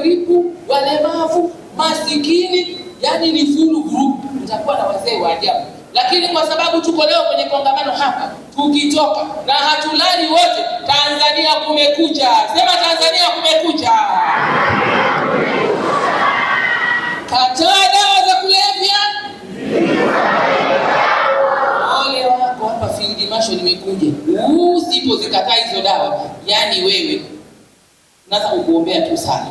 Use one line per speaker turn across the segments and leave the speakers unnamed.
waliodhuriku, walemavu, masikini, yani ni full group. Mtakuwa na wazee wa ajabu, lakini kwa sababu tuko leo kwenye kongamano hapa, tukitoka na hatulali wote, Tanzania kumekucha. Sema Tanzania kumekucha. Kataa dawa za kulevya. Ole wako hapa field marshal, nimekuja usipo zikataa hizo dawa, yani wewe unaweza kukuombea tu sana.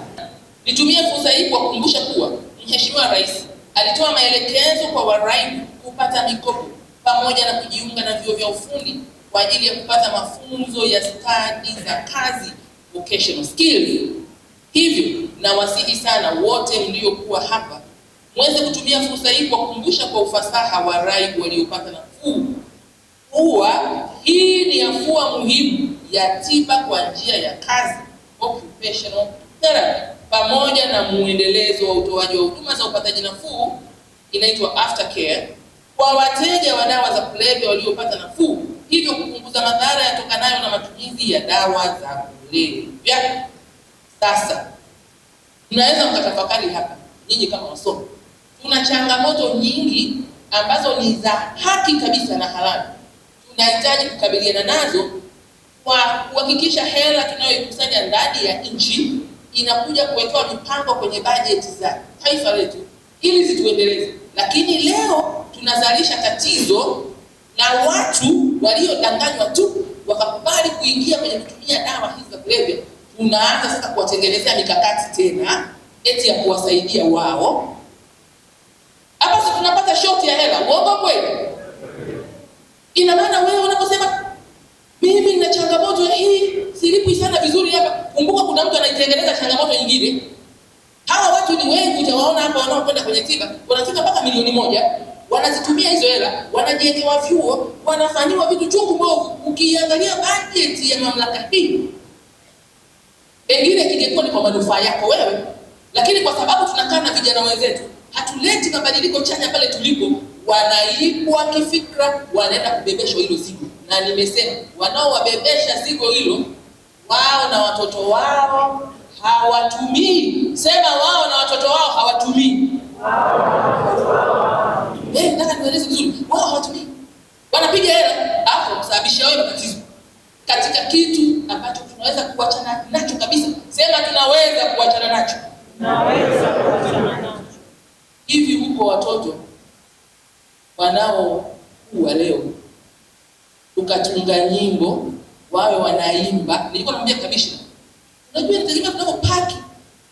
Nitumie fursa hii kwa kukumbusha kuwa Mheshimiwa Rais alitoa maelekezo kwa waraibu kupata mikopo pamoja na kujiunga na vyuo vya ufundi kwa ajili ya kupata mafunzo ya stadi za kazi vocational skills. Hivyo nawasihi sana wote mliokuwa hapa mweze kutumia fursa hii kuwakumbusha kwa ufasaha waraibu waliopata nafuu kuwa hii ni afua muhimu ya tiba kwa njia ya kazi occupational therapy pamoja na mwendelezo wa utoaji wa huduma za upataji nafuu inaitwa aftercare kwa wateja wa dawa za kulevya waliopata nafuu, hivyo kupunguza madhara yatokanayo na matumizi ya dawa za kulevya. Sasa mnaweza mkatafakari hapa, nyinyi kama wasomi, tuna changamoto nyingi ambazo ni za haki kabisa na halali, tunahitaji kukabiliana nazo kwa kuhakikisha hela tunayoikusanya ndani ya nchi inakuja kuwekewa mipango kwenye bajeti za taifa letu ili zituendeleze. Lakini leo tunazalisha tatizo na watu waliodanganywa tu wakakubali kuingia kwenye kutumia dawa hizi za kulevya, tunaanza sasa kuwatengenezea mikakati tena eti ya kuwasaidia wao. Hapa si tunapata shoti ya hela? Uongo kweli? Ina maana wewe unaposema mimi nina changamoto hii, silipwi sana vizuri hapa, kumbuka kuna mtu anaitengeneza vile. Hawa watu ni wengi, utawaona hapa wanaokwenda kwenye tiba wanafika mpaka milioni moja, wanazitumia hizo hela, wanajiwekewa vyuo, wanafanyiwa vitu chungu mbovu. Ukiangalia bajeti ya mamlaka hii, pengine kingekuwa ni kwa manufaa yako wewe, lakini kwa sababu tunakaa na vijana wenzetu hatuleti mabadiliko chanya pale tulipo, wanaibwa kifikra, wanaenda kubebeshwa hilo zigo. Na nimesema wanaowabebesha zigo hilo wao na watoto wao hawatumii. Sema wao na watoto wao hawatumii. Eh, nataka nieleze vizuri, wao hawatumii, wanapiga hela hapo kusababisha wewe matatizo katika kitu ambacho tunaweza kuachana nacho kabisa. Sema tunaweza kuachana nacho, Hivi huko watoto wanaokuwa leo, ukatunga nyimbo wawe wanaimba, nilikuwa namwambia kabisa Unajua tegemea tunapopaki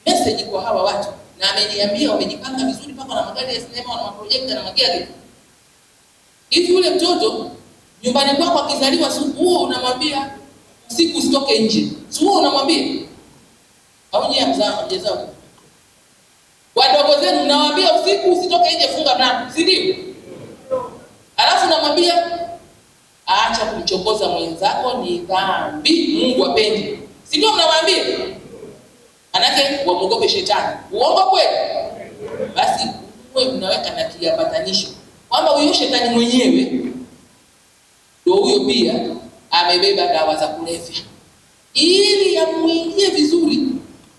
message kwa hawa watu na ameniambia wamejipanga vizuri mpaka na magari ya sinema na maprojekta na magari. Hivi yule mtoto nyumbani kwako akizaliwa siku huo unamwambia siku usitoke nje. huo unamwambia au nyie mzaa mjezao. Wadogo zenu nawaambia usiku usitoke nje funga mlango, si ndio? Alafu namwambia aacha kumchokoza mwenzako ni dhambi, Mungu apende si ndio mnawaambia? Manake wamuogope shetani. Uongo kweli? Basi uwe mnaweka na kiambatanisho kwamba huyo shetani mwenyewe ndio huyo pia amebeba dawa za kulevya, ili yamuingie vizuri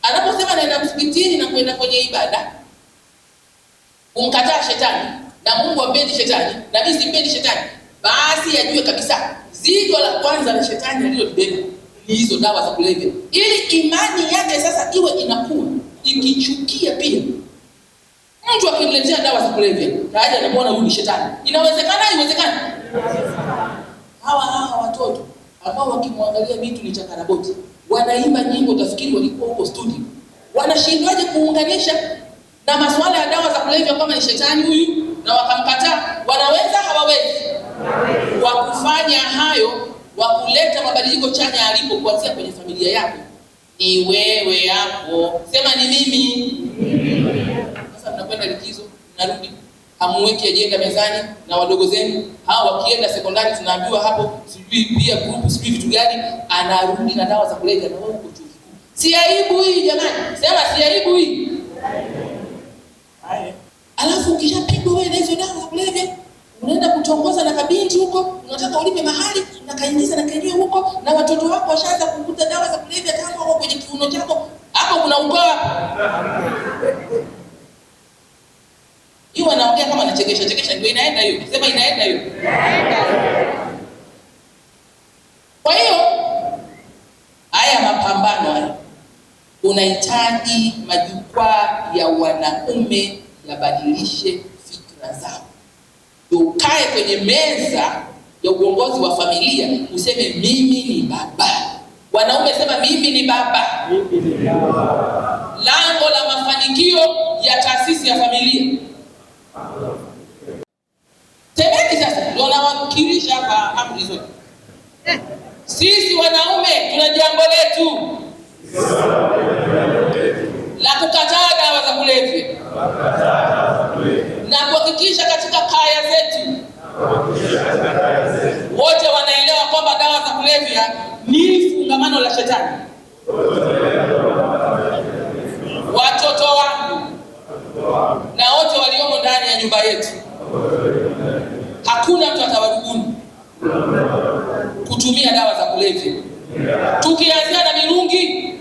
anaposema naenda msikitini na kwenda kwenye ibada, kumkataa shetani na Mungu ampendi shetani na mimi simpendi shetani, basi yajue kabisa zigo la kwanza la shetani alilolibeba ni hizo dawa za kulevya, ili imani yake sasa iwe inakuwa ikichukia pia. Mtu akimletea dawa za kulevya tayari anamuona huyu ni shetani. Inawezekana, haiwezekani? hawa hawa watoto ambao wakimwangalia vitu ni chakaraboti, wanaimba nyimbo utafikiri walikuwa huko studio. Wanashindwaje kuunganisha na masuala ya dawa za kulevya kama ni shetani huyu na wakamkataa? Wanaweza hawawezi? Wakufanya hayo wa kuleta mabadiliko chanya alipo kuanzia kwenye familia yako ni wewe hapo. Sema ni mimi. Sasa mnakwenda likizo, narudi, hamuweki ajenda mezani na wadogo zenu hao, wakienda sekondari tunaambiwa hapo, sijui pia group, sijui vitu gani, anarudi na dawa za kulevya na wewe uko chuo kikuu. Si aibu hii jamani? Sema si aibu hii. Haya. Alafu ukishapigwa wewe na hizo dawa za kulevya, unaenda kutongoza na kabinti huko, unataka ulipe mahali kaingiza na kenyewe huko, na watoto wako washaanza kukuta dawa za kulevya tangu wako kwenye kiuno chako, hapo kuna ukoa hiyo. wanaongea kama anachekesha chekesha, ndio inaenda hiyo, sema inaenda hiyo. Kwa hiyo haya mapambano haya, unahitaji majukwaa ya wanaume yabadilishe fikra zao, ukae kwenye meza ya uongozi wa familia useme mimi ni baba. Wanaume sema mimi ni baba. Lango la mafanikio ya taasisi ya familia temeni. Sasa ndio nawakilisha hapa amri zote. Sisi wanaume tuna jambo letu la kukataa dawa za kulevya. la shetani. Watoto wangu na wote waliomo ndani ya nyumba yetu, hakuna mtu atawaduguni kutumia dawa za kulevya, tukianzia na mirungi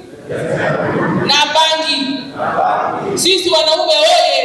na bangi. Sisi wanaume wewe